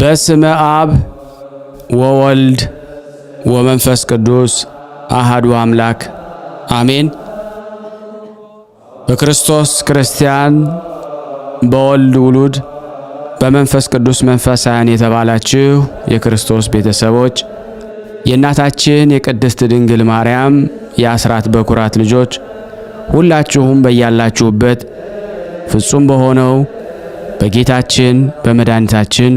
በስመ አብ ወወልድ ወመንፈስ ቅዱስ አሃዱ አምላክ አሜን። በክርስቶስ ክርስቲያን፣ በወልድ ውሉድ፣ በመንፈስ ቅዱስ መንፈሳውያን የተባላችሁ የክርስቶስ ቤተሰቦች የእናታችን የቅድስት ድንግል ማርያም የአስራት በኩራት ልጆች ሁላችሁም በያላችሁበት ፍጹም በሆነው በጌታችን በመድኃኒታችን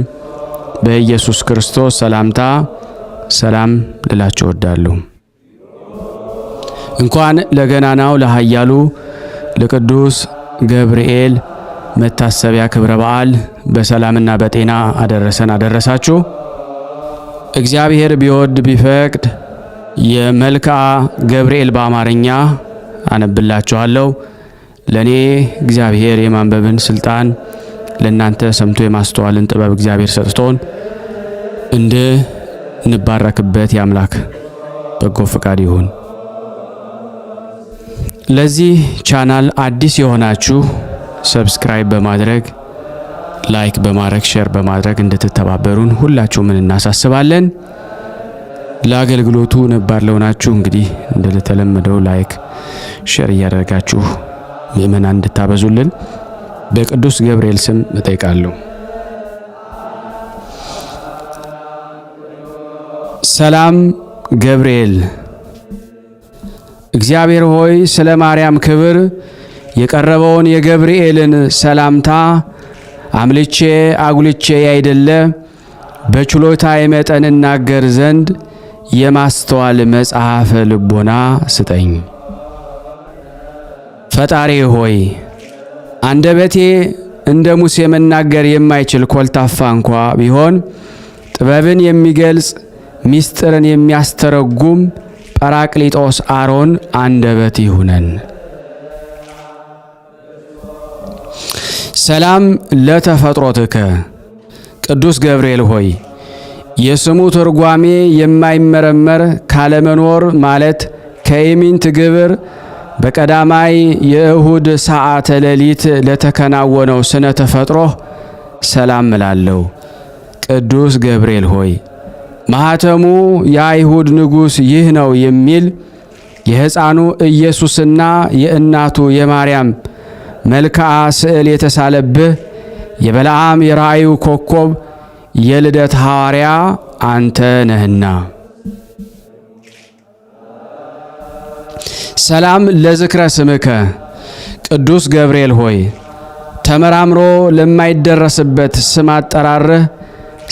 በኢየሱስ ክርስቶስ ሰላምታ ሰላም ልላችሁ እወዳለሁ። እንኳን ለገናናው ለኃያሉ ለቅዱስ ገብርኤል መታሰቢያ ክብረ በዓል በሰላምና በጤና አደረሰን አደረሳችሁ። እግዚአብሔር ቢወድ ቢፈቅድ የመልክዓ ገብርኤል በአማርኛ አነብላችኋለሁ። ለእኔ እግዚአብሔር የማንበብን ስልጣን ለእናንተ ሰምቶ የማስተዋልን ጥበብ እግዚአብሔር ሰጥቶን እንድንባረክበት የአምላክ በጎ ፈቃድ ይሁን። ለዚህ ቻናል አዲስ የሆናችሁ ሰብስክራይብ በማድረግ ላይክ በማድረግ ሼር በማድረግ እንድትተባበሩን ሁላችሁም እናሳስባለን። ለአገልግሎቱ ነባር ለሆናችሁ እንግዲህ እንደተለመደው ላይክ ሼር እያደረጋችሁ ምእመናን እንድታበዙልን በቅዱስ ገብርኤል ስም እጠይቃለሁ። ሰላም ገብርኤል፣ እግዚአብሔር ሆይ ስለ ማርያም ክብር የቀረበውን የገብርኤልን ሰላምታ አምልቼ አጉልቼ ያይደለ በችሎታ የመጠን እናገር ዘንድ የማስተዋል መጽሐፈ ልቦና ስጠኝ። ፈጣሪ ሆይ አንደበቴ እንደ ሙሴ መናገር የማይችል ኮልታፋ እንኳ ቢሆን ጥበብን የሚገልጽ ሚስጥርን የሚያስተረጉም ጰራቅሊጦስ አሮን አንደበት ይሁነን። ሰላም ለተፈጥሮትከ ቅዱስ ገብርኤል ሆይ የስሙ ትርጓሜ የማይመረመር ካለመኖር ማለት ከኢሚንት ግብር በቀዳማይ የእሁድ ሰዓተ ሌሊት ለተከናወነው ስነ ተፈጥሮ ሰላም እላለሁ። ቅዱስ ገብርኤል ሆይ ማኅተሙ የአይሁድ ንጉሥ ይህ ነው የሚል የሕፃኑ ኢየሱስና የእናቱ የማርያም መልክዓ ስዕል የተሳለብህ የበለዓም የራእዩ ኮከብ የልደት ሐዋርያ አንተ ነህና ሰላም ለዝክረ ስምከ ቅዱስ ገብርኤል ሆይ ተመራምሮ ለማይደረስበት ስም አጠራርህ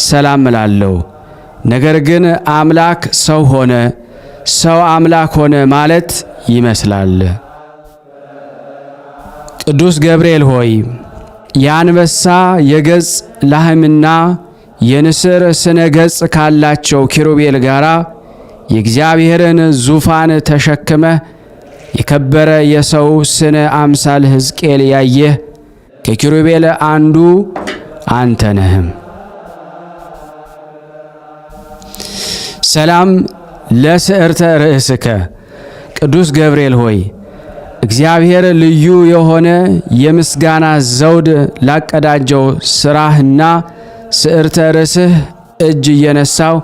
ሰላም እላለሁ። ነገር ግን አምላክ ሰው ሆነ፣ ሰው አምላክ ሆነ ማለት ይመስላል። ቅዱስ ገብርኤል ሆይ የአንበሳ የገጽ ላህምና የንስር ስነ ገጽ ካላቸው ኪሩቤል ጋር የእግዚአብሔርን ዙፋን ተሸክመህ የከበረ የሰው ስነ አምሳል ሕዝቅኤል ያየህ ከኪሩቤል አንዱ አንተ ነህም። ሰላም ለስዕርተ ርእስከ ቅዱስ ገብርኤል ሆይ እግዚአብሔር ልዩ የሆነ የምስጋና ዘውድ ላቀዳጀው ስራህና ስዕርተ ርእስህ እጅ እየነሳው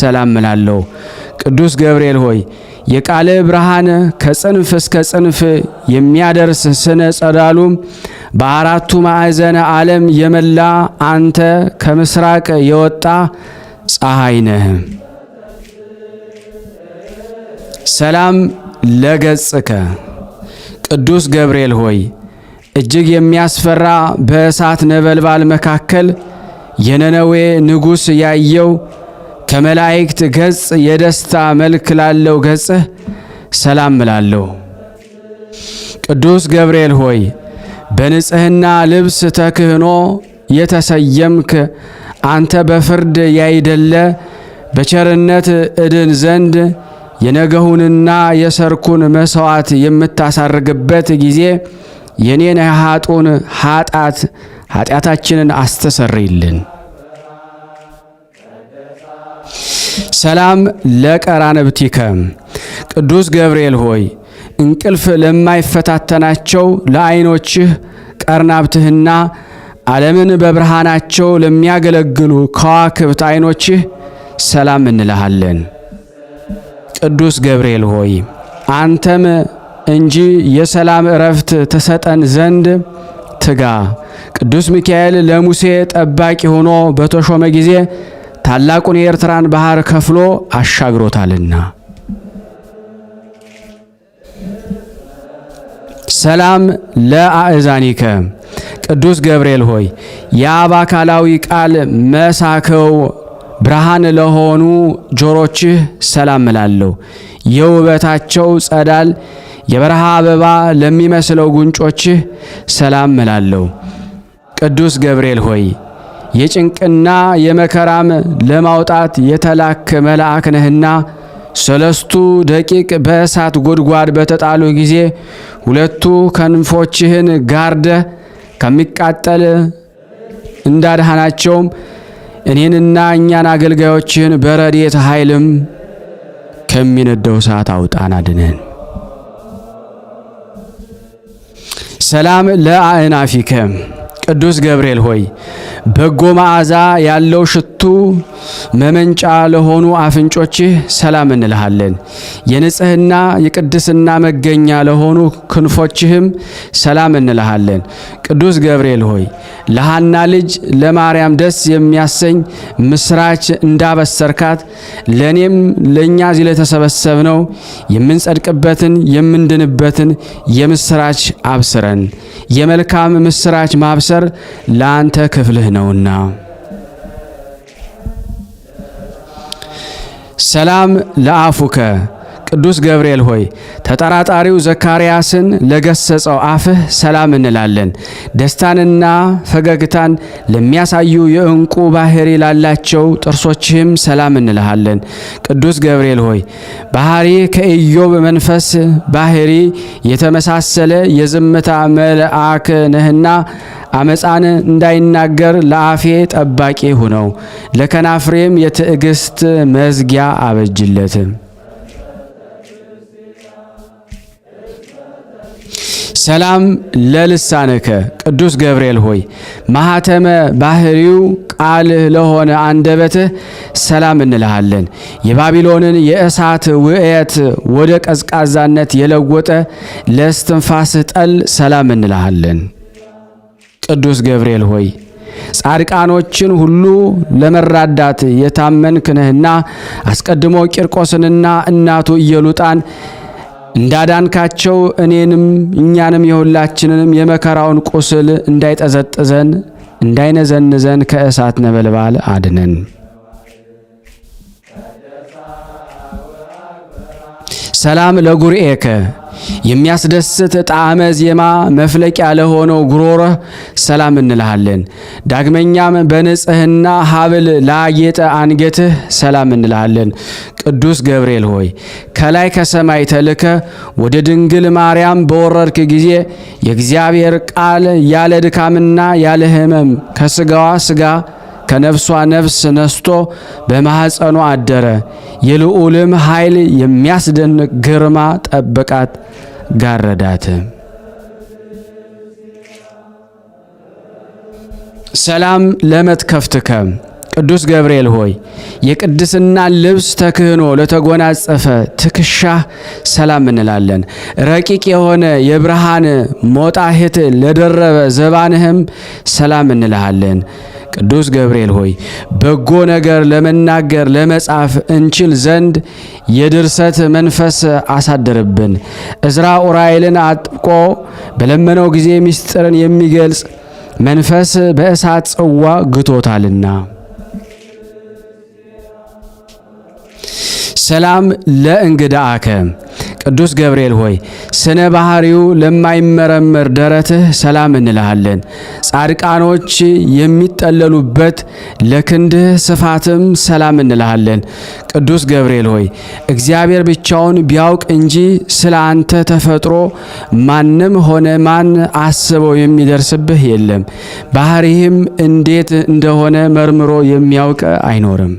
ሰላም እላለሁ። ቅዱስ ገብርኤል ሆይ የቃለ ብርሃን ከጽንፍ እስከ ጽንፍ የሚያደርስ ስነ ጸዳሉ በአራቱ ማዕዘነ ዓለም የመላ አንተ ከምስራቅ የወጣ ፀሐይ ነህ። ሰላም ለገጽከ ቅዱስ ገብርኤል ሆይ እጅግ የሚያስፈራ በእሳት ነበልባል መካከል የነነዌ ንጉሥ ያየው ከመላእክት ገጽ የደስታ መልክ ላለው ገጽህ ሰላም እላለሁ። ቅዱስ ገብርኤል ሆይ በንጽህና ልብስ ተክህኖ የተሰየምክ አንተ በፍርድ ያይደለ በቸርነት እድን ዘንድ የነገሁንና የሰርኩን መሥዋዕት የምታሳርግበት ጊዜ የኔን ኃጡን ኃጣት ኃጢአታችንን አስተሰርይልን። ሰላም ለቀራንብቲከ ቅዱስ ገብርኤል ሆይ እንቅልፍ ለማይፈታተናቸው ለዓይኖችህ ቀርናብትህና ዓለምን በብርሃናቸው ለሚያገለግሉ ከዋክብት ዓይኖችህ ሰላም እንልሃለን። ቅዱስ ገብርኤል ሆይ አንተም እንጂ የሰላም እረፍት ተሰጠን ዘንድ ትጋ። ቅዱስ ሚካኤል ለሙሴ ጠባቂ ሆኖ በተሾመ ጊዜ ታላቁን የኤርትራን ባህር ከፍሎ አሻግሮታልና። ሰላም ለአእዛኒከ ቅዱስ ገብርኤል ሆይ የአባካላዊ ቃል መሳከው ብርሃን ለሆኑ ጆሮችህ ሰላም እላለሁ። የውበታቸው ጸዳል የበረሃ አበባ ለሚመስለው ጉንጮችህ ሰላም እላለሁ። ቅዱስ ገብርኤል ሆይ የጭንቅና የመከራም ለማውጣት የተላክ መልአክ ነህና ሰለስቱ ደቂቅ በእሳት ጎድጓድ በተጣሉ ጊዜ ሁለቱ ከንፎችህን ጋርደ ከሚቃጠል እንዳድሃናቸውም እኔንና እኛን አገልጋዮችህን በረድኤት ኃይልም ከሚነደው እሳት አውጣን አድነን። ሰላም ለአእናፊከ ቅዱስ ገብርኤል ሆይ በጎ መዓዛ ያለው ሽቱ መመንጫ ለሆኑ አፍንጮችህ ሰላም እንልሃለን። የንጽህና የቅድስና መገኛ ለሆኑ ክንፎችህም ሰላም እንልሃለን። ቅዱስ ገብርኤል ሆይ ለሐና ልጅ ለማርያም ደስ የሚያሰኝ ምስራች እንዳበሰርካት ለእኔም ለእኛ ዚህ ለተሰበሰብነው የምንጸድቅበትን የምንድንበትን የምስራች አብስረን። የመልካም ምስራች ማብሰር ለአንተ ክፍልህ ነውና። ሰላም ለአፉከ ቅዱስ ገብርኤል ሆይ ተጠራጣሪው ዘካርያስን ለገሰጸው አፍህ ሰላም እንላለን። ደስታንና ፈገግታን ለሚያሳዩ የእንቁ ባህሪ ላላቸው ጥርሶችህም ሰላም እንልሃለን። ቅዱስ ገብርኤል ሆይ ባህሪ ከኢዮብ መንፈስ ባህሪ የተመሳሰለ የዝምታ መልአክ ነህና አመፃን እንዳይናገር ለአፌ ጠባቂ ሁነው፣ ለከናፍሬም የትዕግስት መዝጊያ አበጅለት። ሰላም ለልሳነከ ቅዱስ ገብርኤል ሆይ ማኅተመ ባህሪው ቃልህ ለሆነ አንደበትህ ሰላም እንልሃለን። የባቢሎንን የእሳት ውዕየት ወደ ቀዝቃዛነት የለወጠ ለስትንፋስህ ጠል ሰላም እንልሃለን። ቅዱስ ገብርኤል ሆይ ጻድቃኖችን ሁሉ ለመራዳት የታመንክ ነህና አስቀድሞ ቂርቆስንና እናቱ ኢየሉጣን እንዳዳንካቸው እኔንም እኛንም የሁላችንንም የመከራውን ቁስል እንዳይጠዘጥዘን እንዳይነዘንዘን ከእሳት ነበልባል አድነን። ሰላም ለጉርኤከ የሚያስደስት ጣዕመ ዜማ መፍለቂያ ለሆነው ጉሮሮህ ሰላም እንልሃለን። ዳግመኛም በንጽህና ሀብል ላጌጠ አንገትህ ሰላም እንልሃለን። ቅዱስ ገብርኤል ሆይ ከላይ ከሰማይ ተልከ ወደ ድንግል ማርያም በወረድክ ጊዜ የእግዚአብሔር ቃል ያለ ድካምና ያለ ህመም ከስጋዋ ስጋ ከነፍሷ ነፍስ ነስቶ በማኅፀኗ አደረ። የልዑልም ኃይል የሚያስደንቅ ግርማ ጠበቃት። ጋረዳት። ሰላም ለመትከፍትከ ቅዱስ ገብርኤል ሆይ የቅድስና ልብስ ተክህኖ ለተጎናጸፈ ትከሻህ ሰላም እንላለን። ረቂቅ የሆነ የብርሃን ሞጣህት ለደረበ ዘባንህም ሰላም እንልሃለን። ቅዱስ ገብርኤል ሆይ በጎ ነገር ለመናገር ለመጻፍ እንችል ዘንድ የድርሰት መንፈስ አሳደርብን እዝራ ኡራኤልን አጥብቆ በለመነው ጊዜ ምስጢርን የሚገልጽ መንፈስ በእሳት ጽዋ ግቶታልና። ሰላም አከም ቅዱስ ገብርኤል ሆይ ስነ ባህሪው ለማይመረመር ደረትህ ሰላም እንልሃለን። ጻድቃኖች የሚጠለሉበት ለክንድህ ስፋትም ሰላም እንልሃለን። ቅዱስ ገብርኤል ሆይ እግዚአብሔር ብቻውን ቢያውቅ እንጂ ስለ አንተ ተፈጥሮ ማንም ሆነ ማን አስበው የሚደርስብህ የለም። ባህሪህም እንዴት እንደሆነ መርምሮ የሚያውቅ አይኖርም።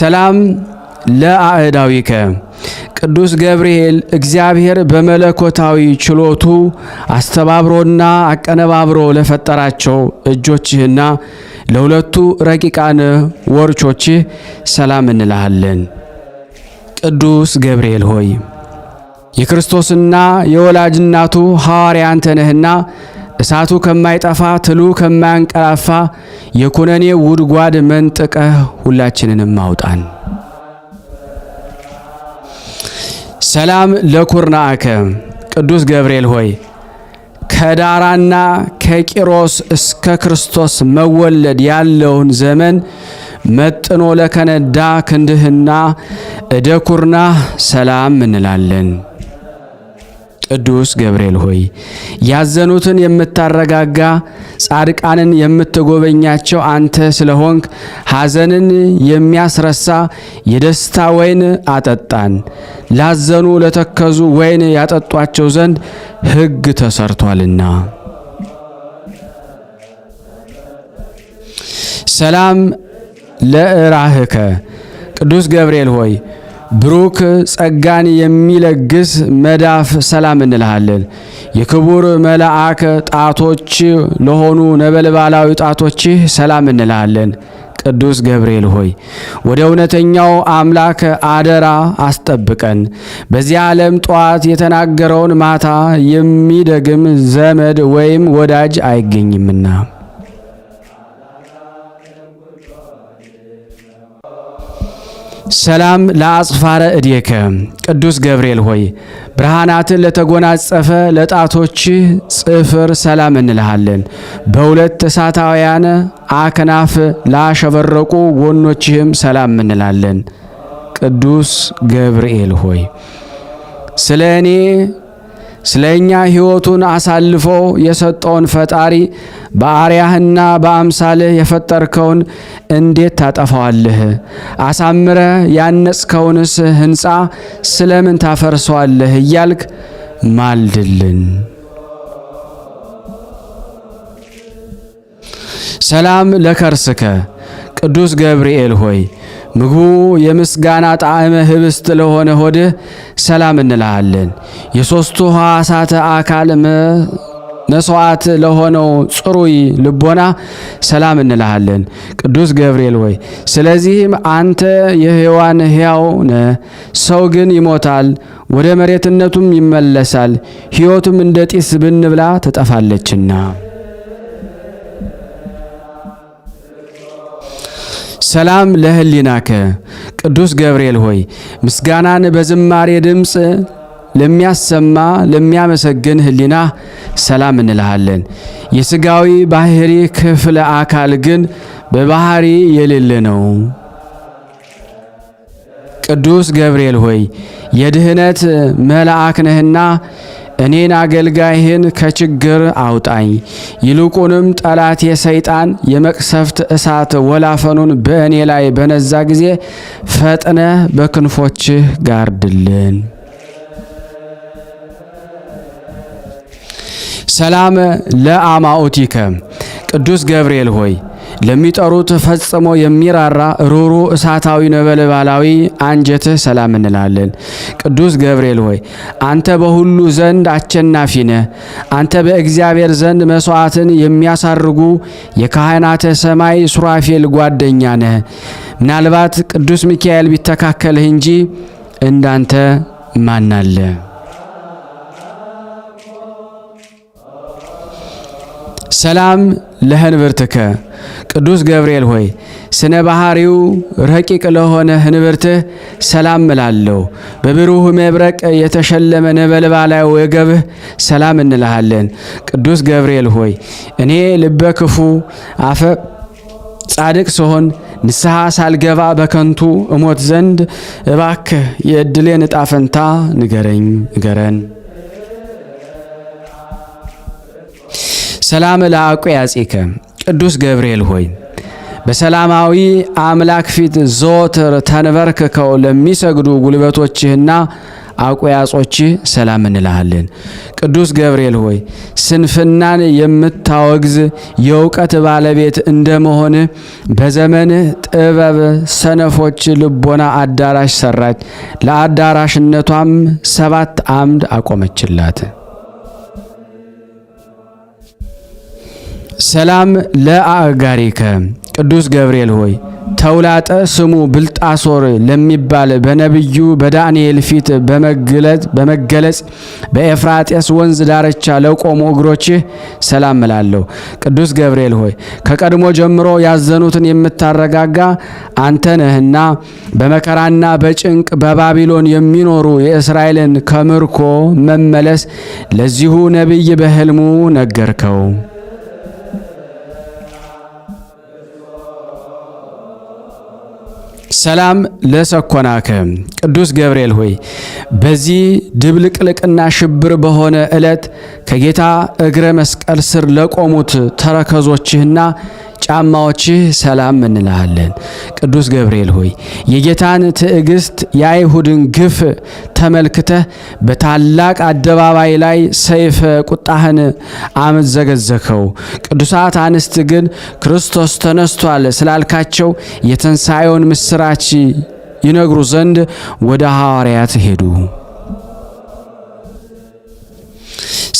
ሰላም ለአእዳዊከ ቅዱስ ገብርኤል እግዚአብሔር በመለኮታዊ ችሎቱ አስተባብሮና አቀነባብሮ ለፈጠራቸው እጆችህና ለሁለቱ ረቂቃን ወርቾችህ ሰላም እንልሃለን። ቅዱስ ገብርኤል ሆይ የክርስቶስና የወላጅናቱ እናቱ ሐዋርያ አንተ ነህና እሳቱ ከማይጠፋ ትሉ ከማያንቀላፋ የኩነኔ ውድጓድ መንጥቀህ ሁላችንንም አውጣን። ሰላም ለኩርናአከ ቅዱስ ገብርኤል ሆይ ከዳራና ከቂሮስ እስከ ክርስቶስ መወለድ ያለውን ዘመን መጥኖ ለከነዳ ክንድህና እደኩርና ሰላም እንላለን። ቅዱስ ገብርኤል ሆይ ያዘኑትን የምታረጋጋ ጻድቃንን የምትጎበኛቸው አንተ ስለሆንክ ሐዘንን የሚያስረሳ የደስታ ወይን አጠጣን። ላዘኑ ለተከዙ ወይን ያጠጧቸው ዘንድ ሕግ ተሰርቷልና። ሰላም ለእራህከ ቅዱስ ገብርኤል ሆይ ብሩክ ጸጋን የሚለግስ መዳፍ ሰላም እንልሃለን። የክቡር መልአክ ጣቶች ለሆኑ ነበልባላዊ ጣቶችህ ሰላም እንልሃለን። ቅዱስ ገብርኤል ሆይ ወደ እውነተኛው አምላክ አደራ አስጠብቀን። በዚህ ዓለም ጠዋት የተናገረውን ማታ የሚደግም ዘመድ ወይም ወዳጅ አይገኝምና ሰላም ለአጽፋረ እዴከ ቅዱስ ገብርኤል ሆይ ብርሃናትን ለተጎናጸፈ ለጣቶችህ ጽፍር ሰላም እንልሃለን። በሁለት እሳታውያን አክናፍ ላሸበረቁ ወኖችህም ሰላም እንላለን። ቅዱስ ገብርኤል ሆይ ስለ እኔ ስለ እኛ ሕይወቱን አሳልፎ የሰጠውን ፈጣሪ በአርያህና በአምሳልህ የፈጠርከውን እንዴት ታጠፋዋለህ? አሳምረ ያነጽከውንስ ሕንፃ ስለምን ታፈርሰዋለህ? እያልክ ማልድልን። ሰላም ለከርስከ ቅዱስ ገብርኤል ሆይ ምግቡ የምስጋና ጣዕመ ህብስት ለሆነ ሆድህ ሰላም እንልሃለን። የሦስቱ ሕዋሳተ አካል መስዋዕት ለሆነው ጽሩይ ልቦና ሰላም እንልሃለን። ቅዱስ ገብርኤል ሆይ ስለዚህም አንተ የሕያዋን ሕያው ነ ሰው ግን ይሞታል፣ ወደ መሬትነቱም ይመለሳል፣ ሕይወቱም እንደ ጢስ ብንብላ ትጠፋለችና ሰላም ለህሊናከ ቅዱስ ገብርኤል ሆይ ምስጋናን በዝማሬ ድምፅ ለሚያሰማ ለሚያመሰግን ህሊና ሰላም እንልሃለን። የሥጋዊ ባህሪ ክፍለ አካል ግን በባህሪ የሌለ ነው። ቅዱስ ገብርኤል ሆይ የድህነት መልአክ ነህና እኔን አገልጋይህን ከችግር አውጣኝ። ይልቁንም ጠላት የሰይጣን የመቅሰፍት እሳት ወላፈኑን በእኔ ላይ በነዛ ጊዜ ፈጥነ በክንፎችህ ጋርድልን። ሰላም ለአማኦቲከ ቅዱስ ገብርኤል ሆይ ለሚጠሩት ፈጽሞ የሚራራ ሩሩ እሳታዊ ነበልባላዊ አንጀትህ ሰላም እንላለን። ቅዱስ ገብርኤል ሆይ አንተ በሁሉ ዘንድ አቸናፊ ነህ። አንተ በእግዚአብሔር ዘንድ መስዋዕትን የሚያሳርጉ የካህናተ ሰማይ ሱራፌል ጓደኛ ነህ። ምናልባት ቅዱስ ሚካኤል ቢተካከልህ እንጂ እንዳንተ ማናለ? ሰላም ለህንብርትከ ቅዱስ ገብርኤል ሆይ ስነ ባህሪው ረቂቅ ለሆነ ህንብርትህ ሰላም እላለሁ። በብሩህ መብረቅ የተሸለመ ነበልባላዊ ወገብህ ሰላም እንልሃለን። ቅዱስ ገብርኤል ሆይ እኔ ልበ ክፉ አፈ ጻድቅ ስሆን ንስሐ ሳልገባ በከንቱ እሞት ዘንድ እባክህ የዕድሌን እጣ ፈንታ ንገረኝ ንገረን። ሰላም ለአቁ ያጼከ ቅዱስ ገብርኤል ሆይ በሰላማዊ አምላክ ፊት ዘወትር ተንበርክከው ለሚሰግዱ ጉልበቶችህና አቆያጾችህ ሰላም እንልሃለን። ቅዱስ ገብርኤል ሆይ ስንፍናን የምታወግዝ የእውቀት ባለቤት እንደመሆን በዘመንህ ጥበብ ሰነፎች ልቦና አዳራሽ ሰራች፣ ለአዳራሽነቷም ሰባት አምድ አቆመችላት። ሰላም ለአጋሪከ ቅዱስ ገብርኤል ሆይ ተውላጠ ስሙ ብልጣሶር ለሚባል በነቢዩ በዳንኤል ፊት በመገለጽ በኤፍራጤስ ወንዝ ዳርቻ ለቆሙ እግሮችህ ሰላም እላለሁ። ቅዱስ ገብርኤል ሆይ ከቀድሞ ጀምሮ ያዘኑትን የምታረጋጋ አንተ ነህና በመከራና በጭንቅ በባቢሎን የሚኖሩ የእስራኤልን ከምርኮ መመለስ ለዚሁ ነቢይ በህልሙ ነገርከው። ሰላም ለሰኮናከ ቅዱስ ገብርኤል ሆይ በዚህ ድብልቅልቅና ሽብር በሆነ ዕለት ከጌታ እግረ መስቀል ስር ለቆሙት ተረከዞችህና ጫማዎችህ ሰላም እንልሃለን። ቅዱስ ገብርኤል ሆይ የጌታን ትዕግስት የአይሁድን ግፍ ተመልክተህ በታላቅ አደባባይ ላይ ሰይፈ ቁጣህን አመዘገዘከው። ቅዱሳት አንስት ግን ክርስቶስ ተነስቷል ስላልካቸው የትንሣኤውን ምስራች ይነግሩ ዘንድ ወደ ሐዋርያት ሄዱ።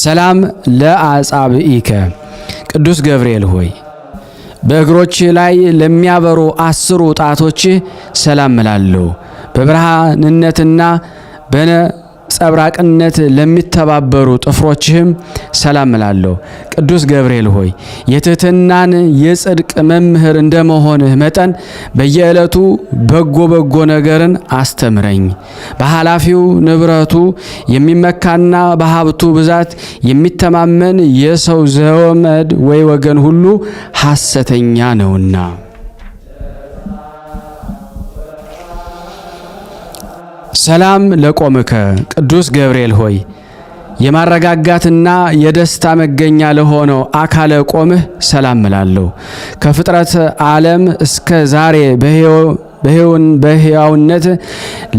ሰላም ለአጻብኢከ ቅዱስ ገብርኤል ሆይ በእግሮች ላይ ለሚያበሩ አስሩ ጣቶች ሰላም እላለሁ። በብርሃንነትና በነ ነጸብራቅነት ለሚተባበሩ ጥፍሮችህም ሰላም እላለሁ። ቅዱስ ገብርኤል ሆይ የትህትናን የጽድቅ መምህር እንደመሆንህ መጠን በየዕለቱ በጎ በጎ ነገርን አስተምረኝ። በኃላፊው ንብረቱ የሚመካና በሀብቱ ብዛት የሚተማመን የሰው ዘወመድ ወይ ወገን ሁሉ ሐሰተኛ ነውና ሰላም ለቆምከ ቅዱስ ገብርኤል ሆይ የማረጋጋትና የደስታ መገኛ ለሆነው አካለ ቆምህ ሰላም እላለሁ። ከፍጥረት ዓለም እስከ ዛሬ በሕያውነት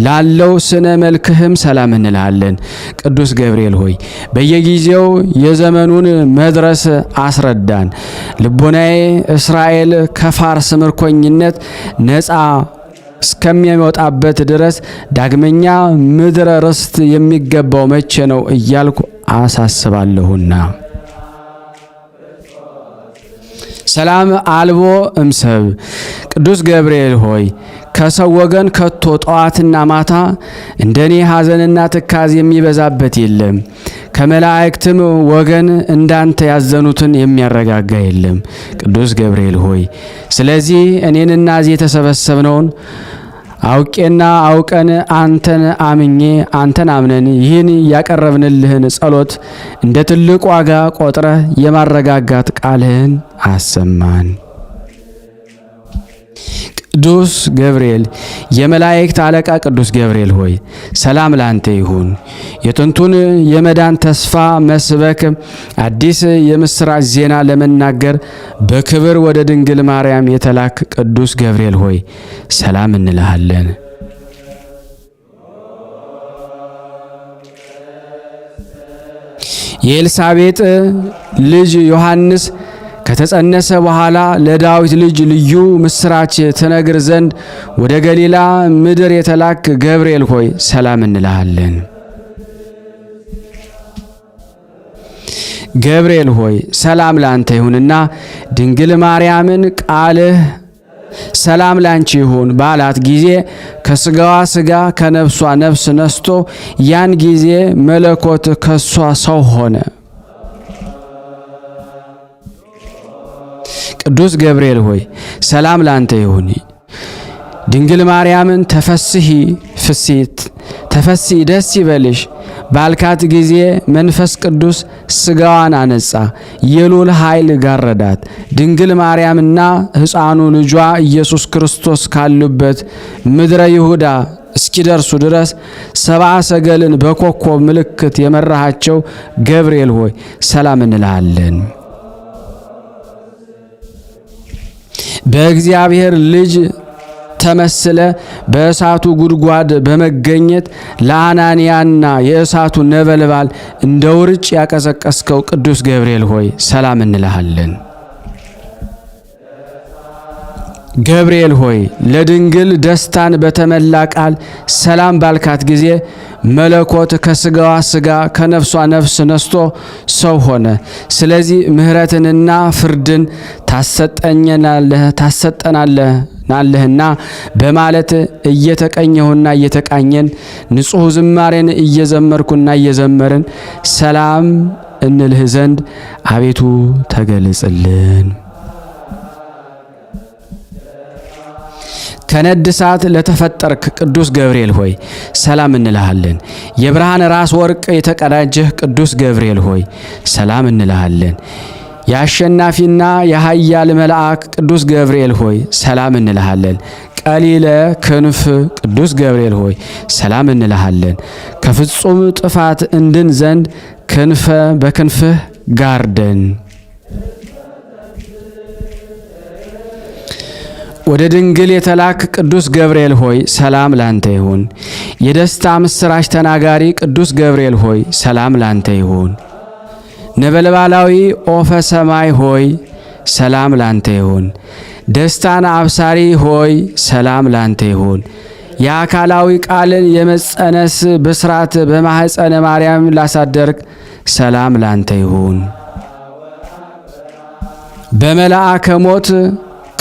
ላለው ስነ መልክህም ሰላም እንላለን። ቅዱስ ገብርኤል ሆይ በየጊዜው የዘመኑን መድረስ አስረዳን። ልቦናዬ እስራኤል ከፋርስ ምርኮኝነት ነፃ እስከሚወጣበት ድረስ ዳግመኛ ምድረ ርስት የሚገባው መቼ ነው እያልኩ አሳስባለሁና። ሰላም አልቦ እምሰብ ቅዱስ ገብርኤል ሆይ ከሰው ወገን ከቶ ጠዋትና ማታ እንደ እኔ ሐዘንና ትካዝ የሚበዛበት የለም። ከመላእክትም ወገን እንዳንተ ያዘኑትን የሚያረጋጋ የለም። ቅዱስ ገብርኤል ሆይ ስለዚህ እኔንና እዚህ የተሰበሰብነውን አውቄና አውቀን አንተን አምኜ አንተን አምነን ይህን ያቀረብንልህን ጸሎት እንደ ትልቅ ዋጋ ቆጥረህ የማረጋጋት ቃልህን አሰማን። ቅዱስ ገብርኤል የመላእክት አለቃ ቅዱስ ገብርኤል ሆይ ሰላም ላንተ ይሁን። የጥንቱን የመዳን ተስፋ መስበክ አዲስ የምስራች ዜና ለመናገር በክብር ወደ ድንግል ማርያም የተላክ ቅዱስ ገብርኤል ሆይ ሰላም እንልሃለን። የኤልሳቤጥ ልጅ ዮሐንስ ከተጸነሰ በኋላ ለዳዊት ልጅ ልዩ ምስራች ትነግር ዘንድ ወደ ገሊላ ምድር የተላክ ገብርኤል ሆይ ሰላም እንልሃለን። ገብርኤል ሆይ ሰላም ላንተ ይሁንና ድንግል ማርያምን ቃልህ ሰላም ላንቺ ይሁን ባላት ጊዜ ከስጋዋ ስጋ ከነፍሷ ነፍስ ነስቶ ያን ጊዜ መለኮት ከሷ ሰው ሆነ። ቅዱስ ገብርኤል ሆይ ሰላም ላንተ ይሁን። ድንግል ማርያምን ተፈስሂ ፍሲት ተፈሲ ደስ ይበልሽ ባልካት ጊዜ መንፈስ ቅዱስ ስጋዋን አነጻ፣ የሉል ኃይል ጋረዳት። ድንግል ማርያምና ሕፃኑ ልጇ ኢየሱስ ክርስቶስ ካሉበት ምድረ ይሁዳ እስኪደርሱ ድረስ ሰብአ ሰገልን በኮከብ ምልክት የመራሃቸው ገብርኤል ሆይ ሰላም እንልሃለን። በእግዚአብሔር ልጅ ተመስለ በእሳቱ ጉድጓድ በመገኘት ለአናንያና የእሳቱ ነበልባል እንደ ውርጭ ያቀዘቀስከው ቅዱስ ገብርኤል ሆይ ሰላም እንልሃለን። ገብርኤል ሆይ ለድንግል ደስታን በተመላ ቃል ሰላም ባልካት ጊዜ መለኮት ከስጋዋ ስጋ ከነፍሷ ነፍስ ነስቶ ሰው ሆነ። ስለዚህ ምሕረትንና ፍርድን ናለህና በማለት እየተቀኘሁና እየተቃኘን ንጹሕ ዝማሬን እየዘመርኩና እየዘመርን ሰላም እንልህ ዘንድ አቤቱ ተገልጽልን። ከነድ እሳት ለተፈጠርክ ቅዱስ ገብርኤል ሆይ ሰላም እንልሃለን። የብርሃን ራስ ወርቅ የተቀዳጀህ ቅዱስ ገብርኤል ሆይ ሰላም እንልሃለን። የአሸናፊና የኃያል መልአክ ቅዱስ ገብርኤል ሆይ ሰላም እንልሃለን። ቀሊለ ክንፍ ቅዱስ ገብርኤል ሆይ ሰላም እንልሃለን። ከፍጹም ጥፋት እንድን ዘንድ ክንፈ በክንፍህ ጋርደን። ወደ ድንግል የተላክ ቅዱስ ገብርኤል ሆይ ሰላም ላንተ ይሁን። የደስታ ምስራች ተናጋሪ ቅዱስ ገብርኤል ሆይ ሰላም ላንተ ይሁን። ነበልባላዊ ኦፈ ሰማይ ሆይ ሰላም ላንተ ይሁን። ደስታን አብሳሪ ሆይ ሰላም ላንተ ይሁን። የአካላዊ ቃልን የመጸነስ ብስራት በማኅፀነ ማርያም ላሳደርግ ሰላም ላንተ ይሁን። በመልአከ ሞት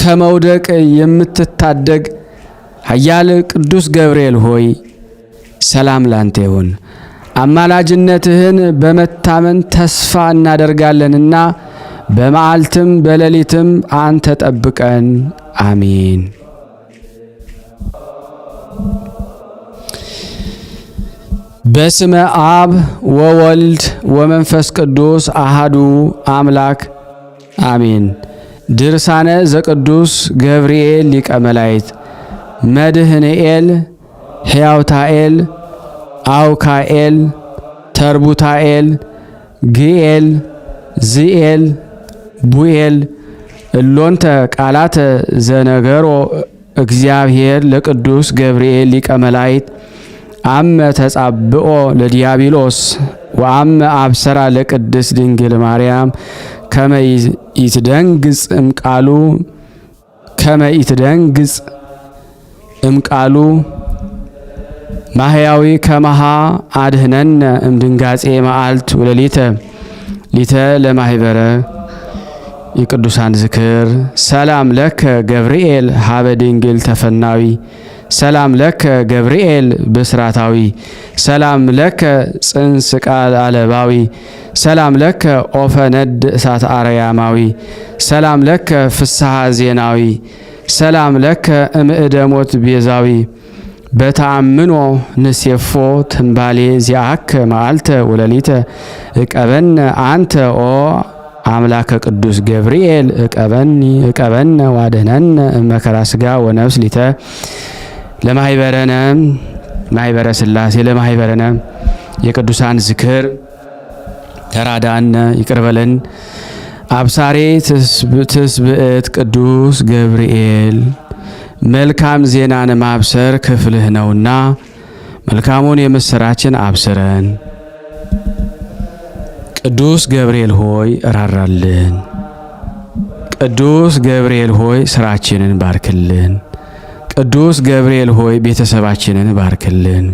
ከመውደቅ የምትታደግ ኃያል ቅዱስ ገብርኤል ሆይ ሰላም ላንተ ይሁን። አማላጅነትህን በመታመን ተስፋ እናደርጋለንና በመዓልትም በሌሊትም አንተ ጠብቀን። አሜን። በስመ አብ ወወልድ ወመንፈስ ቅዱስ አሃዱ አምላክ አሜን። ድርሳነ ዘቅዱስ ገብርኤል ሊቀ መላእክት መድህንኤል፣ ሕያውታኤል፣ አውካኤል፣ ተርቡታኤል፣ ግኤል፣ ዝኤል፣ ቡኤል እሎንተ ቃላተ ዘነገሮ እግዚአብሔር ለቅዱስ ገብርኤል ሊቀ መላእክት አመ ተጻብኦ ለዲያብሎስ ወአመ አብሰራ ለቅድስ ድንግል ማርያም ከመይትደንግጽ እምቃሉ ከመይትደንግጽ እምቃሉ ማህያዊ ከመሃ አድህነነ እምድንጋጼ መዓልት ወለሊተ ሊተ ለማህበረ የቅዱሳን ዝክር ሰላም ለከ ገብርኤል ሀበ ድንግል ተፈናዊ ሰላም ለከ ገብርኤል ብስራታዊ ሰላም ለከ ጽንስ ቃል አለባዊ ሰላም ለከ ኦፈ ነድ እሳት አርያማዊ ሰላም ለከ ፍስሐ ዜናዊ ሰላም ለከ እምእደሞት ቤዛዊ በተአምኖ ንሴፎ ትንባሌ ዚአከ መዓልተ ወለሊተ እቀበነ አንተ ኦ አምላከ ቅዱስ ገብርኤል እቀበኒ እቀበነ ዋደነነ እመከራ ስጋ ወነብስ ሊተ ለማይበረነ ማይበረ ስላሴ ለማይበረነ የቅዱሳን ዝክር ተራዳነ ይቅርበለን። አብሳሬ ትስብእት ቅዱስ ገብርኤል መልካም ዜናን ማብሰር ክፍልህ ነውና መልካሙን የምሰራችን አብስረን። ቅዱስ ገብርኤል ሆይ ራራልን። ቅዱስ ገብርኤል ሆይ ስራችንን ባርክልን። ቅዱስ ገብርኤል ሆይ ቤተሰባችንን ባርክልን።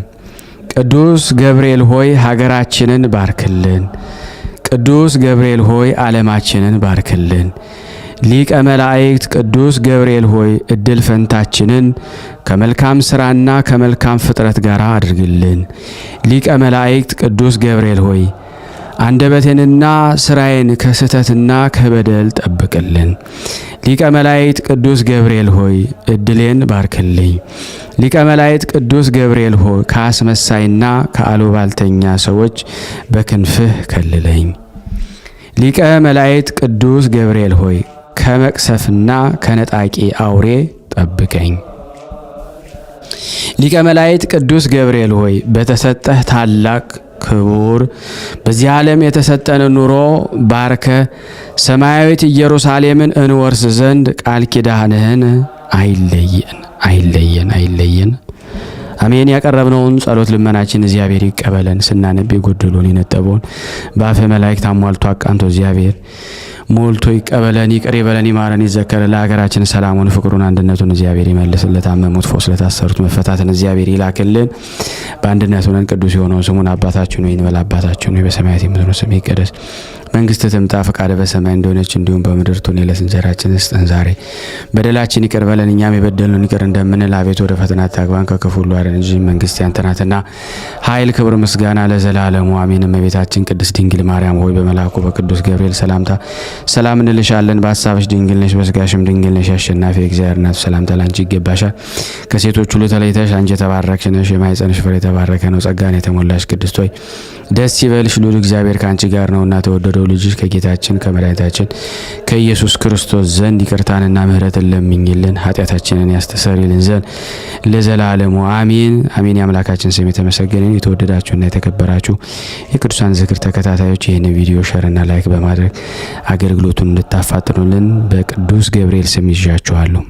ቅዱስ ገብርኤል ሆይ ሀገራችንን ባርክልን። ቅዱስ ገብርኤል ሆይ ዓለማችንን ባርክልን። ሊቀ መላእክት ቅዱስ ገብርኤል ሆይ እድል ፈንታችንን ከመልካም ሥራና ከመልካም ፍጥረት ጋር አድርግልን። ሊቀ መላእክት ቅዱስ ገብርኤል ሆይ አንደበቴንና ስራዬን ከስህተትና ከበደል ጠብቅልን። ሊቀ መላእክት ቅዱስ ገብርኤል ሆይ እድሌን ባርክልኝ። ሊቀ መላእክት ቅዱስ ገብርኤል ሆይ ከአስመሳይና ከአሉባልተኛ ሰዎች በክንፍህ ከልለኝ። ሊቀ መላእክት ቅዱስ ገብርኤል ሆይ ከመቅሰፍና ከነጣቂ አውሬ ጠብቀኝ። ሊቀ መላእክት ቅዱስ ገብርኤል ሆይ በተሰጠህ ታላቅ ክቡር በዚህ ዓለም የተሰጠን ኑሮ ባርከ ሰማያዊት ኢየሩሳሌምን እንወርስ ዘንድ ቃል ኪዳንህን አይለየን። አይለየን አይለየን። አሜን። ያቀረብነውን ጸሎት ልመናችን እግዚአብሔር ይቀበለን። ስናነብ የጎደሉን የነጠበውን በአፈ መላእክት አሟልቶ አቃንቶ እግዚአብሔር ሞልቶ ይቀበለን፣ ይቅር ይበለን፣ ይማረን፣ ይዘከረን። ለሀገራችን ሰላሙን፣ ፍቅሩን፣ አንድነቱን እግዚአብሔር ይመልስልን። ለታመሙት ፈውስ፣ ለታሰሩት መፈታትን እግዚአብሔር ይላክልን። በአንድነት ሆነን ቅዱስ የሆነውን ስሙን አባታችን ሆይ እንበል። አባታችን ሆይ በሰማያት የምትኖር ስምህ ይቀደስ መንግስት ትምጣ ፈቃደ በሰማይ እንደሆነች እንዲሁም በምድር ትሁን። የዕለት እንጀራችንን ስጠን ዛሬ። በደላችን ይቅር በለን እኛም የበደሉን ይቅር እንደምንል። አቤቱ ወደ ፈተና አታግባን ከክፉ ሁሉ አድነን እንጂ መንግስት ያንተ ናትና፣ ኃይል፣ ክብር፣ ምስጋና ለዘላለሙ አሜን። እመቤታችን ቅድስት ድንግል ማርያም ሆይ በመልአኩ በቅዱስ ገብርኤል ሰላምታ ሰላም እንልሻለን። በሀሳብሽ ድንግል ነሽ፣ በስጋሽም ድንግል ነሽ። አሸናፊ እግዚአብሔር እናት ሰላምታ ላንቺ ይገባሻል። ከሴቶች ሁሉ ተለይተሽ አንቺ የተባረክሽ ነሽ፣ የማኅፀንሽ ፍሬ የተባረከ ነው። ጸጋን የተሞላሽ ቅድስት ሆይ ደስ ይበልሽ፣ ልዑል እግዚአብሔር ከአንቺ ጋር ነውና ተወደደው ከወደደው ልጅ ከጌታችን ከመድኃኒታችን ከኢየሱስ ክርስቶስ ዘንድ ይቅርታንና ምሕረትን ለምኝልን ኃጢአታችንን ያስተሰርይልን ዘንድ ለዘላለሙ አሜን አሜን። የአምላካችን ስም የተመሰገነ። የተወደዳችሁና የተከበራችሁ የቅዱሳን ዝክር ተከታታዮች ይህን ቪዲዮ ሸርና ላይክ በማድረግ አገልግሎቱን እንድታፋጥኑልን በቅዱስ ገብርኤል ስም ይዣችኋለሁ።